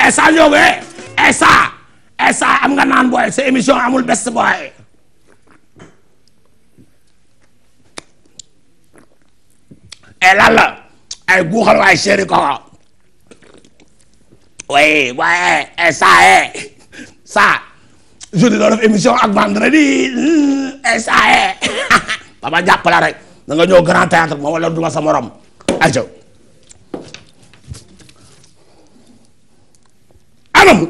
Essa Ndiob eh Essa Essa am nga naan booy sa émission amul best booy. et eh, lan la ay eh, guuxal waay chéri koko oui waaye Essa eh ça jeudi doo def émission ak vendredi Essa mm, eh dama eh. jàpp la rek da nga ñëw grand théâtre ma wala duma sa morom ajo kanamu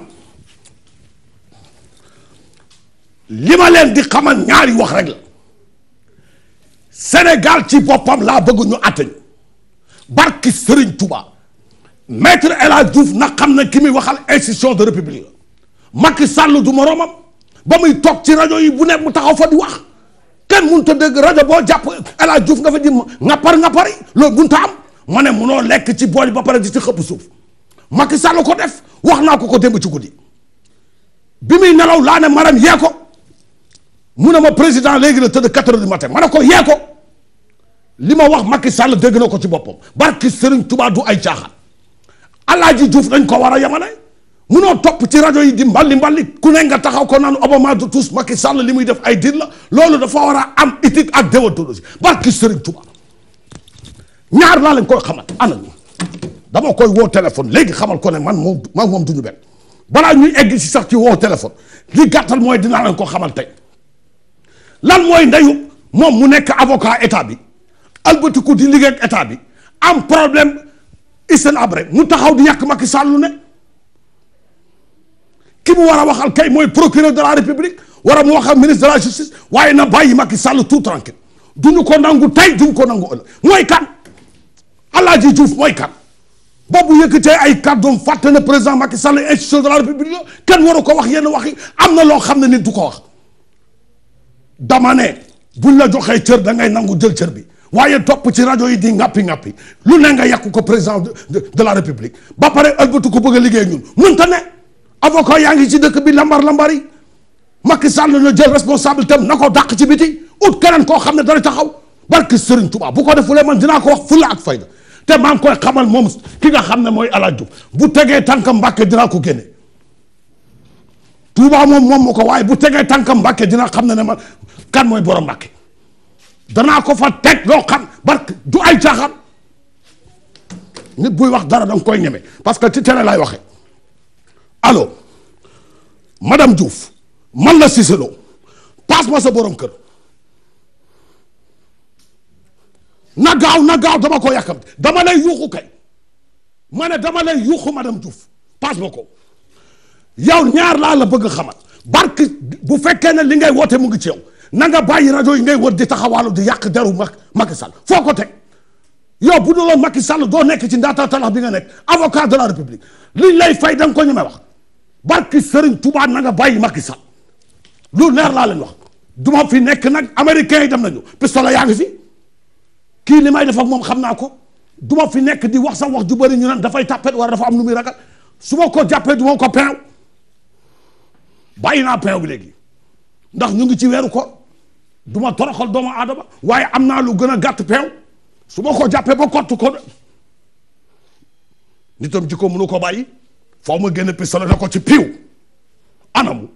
li ma leen di xamal ñaari wax rek la Sénégal ci boppam laa bëgg ñu attañ barki Serigne Touba maître El Hadj Diouf na xam na ki muy waxal institution de république la Macky Sall du moroomam ba muy toog ci rajo yi bu ne mu taxaw fa di wax kenn mënut a dégg rajo boo jàpp El Hadj Diouf nga fa di nga ŋappari loolu mënut a am ma ne munoo lekk ci bool ba pare di ci xëpp suuf. Macky Sall ko def wax naa ko ko démb ci guddi bi muy nelaw laa ne maram yee ko mu ne ma président léegi la tëdd quatre heures du matin ma ne ko yee ko li ma wax Macky Sall dégg na ko ci boppam barki Serigne Touba du ay caaxaan Alaaji Diouf dañ ko war a yemale munoo topp ci rajo yi di mballi mballi ku ne nga taxaw ko naan Obama du tous Macky Sall li muy def ay diir la loolu dafa war a am éthique ak déontologie barki Serigne Touba ñaar laa leen koy xamal ana dama koy woo téléphone léegi xamal ko ne man moom man moom duñu benn balaa ñuy egg si sax ci woo téléphone li gàttal mooy dinaa leen ko xamal tey lan mooy ndeyu moom mu nekk avocat état bi albatiku di liggéey ak état bi am problème Hissène mu taxaw di yàq Macky Sall lu ne ki mu war waxal kay mooy procureur de la république war a waxal ministre de la justice waaye na bàyyi Macky Sall tout tranquille duñu ko nangu tey duñu ko nangu ëllëg mooy kan Alaaji Diouf mooy kan boobu yëkkatee ay kàddoom fàtte na président Macky Sall institution de la république la kenn waru ko wax yenn wax yi am na loo xam ne nit du ko wax dama ne buñ la joxee cër da ngay nangu jël cër bi waaye topp ci rajo yi di ngàppi ngàppi lu ne nga yàqu ko président de la république ba pare ëlbatu ko bëgg a liggéey ñun mënta ne avocat yaa ngi ci dëkk bi lambar lambar yi Macky Sall na jël responsabilité am na ko dàq ci biti ut keneen koo xam ne dara taxaw barke Serigne Touba bu ko defulee man dinaa ko wax fulla ak fayda te maa koy xamal moom ki nga xam ne mooy alaaj Diouf bu tegee tànka Mbàkke dinaa ko génne Touba moom moom mu ko waaye bu tegee tànkam Mbàkke dina xam ne ne man kan mooy borom Mbàkke danaa ko fa teg loo xam barke du ay caaxaan nit buy wax dara danga koy ñeme parce que ci télé lay waxe alo madam Diouf man la Cissé Lo passe ma sa borom kër na gaaw na gaaw dama ko yàkkamti dama lay yuuxu kay ma ne dama lay yuuxu madame Diouf passe ma ko yow ñaar laa la bëgg xamal barke bu fekkee ne li ngay woote mu ngi ci yow na nga rajo yi ngay wër di taxawaalu di yàq deru Mak Macky Sall foo ko teg yow bu dul makki Macky Sall doo nekk ci ndaata talax bi nga nekk avocat de la république liñ lay fay da ko ñeme wax barke Serigne Touba na nga makki Macky Sall lu leer le leen wax duma fi nekk nag américain yi dem nañu pistolet yaa ngi kii li may def ak moom xam naa ko du ma fi nekk di wax sax wax ju bëri ñu naan dafay tàppet wala dafa am lu muy ragal su ma ko jàppee du ma ko peew bàyyi naa peew bi léegi ndax ñu ngi ci weeru koor du ma toroxal doomu aadama waaye am naa lu gën a gàtt peew su ma ko jàppee ba kottu ko nitam jikko mënu ko bàyyi foo ma génn pistolet na ko ci piiw anamu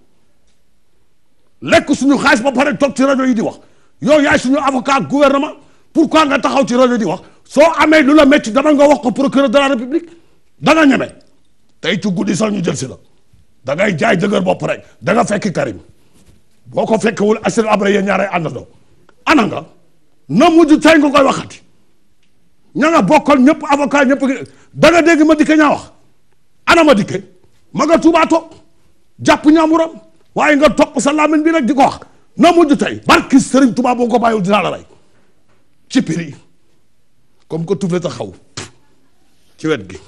lekk suñu xaalis ba pare toog ci rajo yi di wax yow yaay suñu avocat gouvernement pour pourquoi nga taxaw ci rajo di wax soo amee lu la métti dama nga wax ko procureur de la république da nga ñeme tey ci guddi sax ñu jël si la da ngay jaay dëgër bopp rek danga fekk Karim boo ko fekkewul Assir Abré yéen ñaaree àndandoo ana nga na mujj tey nga koy waxati ña nga bokkal ñëpp avocat ñëpp da nga dégg ma dikke ñaa wax ana ma dikke ma nga Tuubaa toog jàpp ñaamuram waaye nga toq sa làmmiñ bi rek di ko wax na mujj tey barki Serigne Touba boo ko bàyyiwul dinaa la rey ci piri comme que tufle taxaw ci wet gi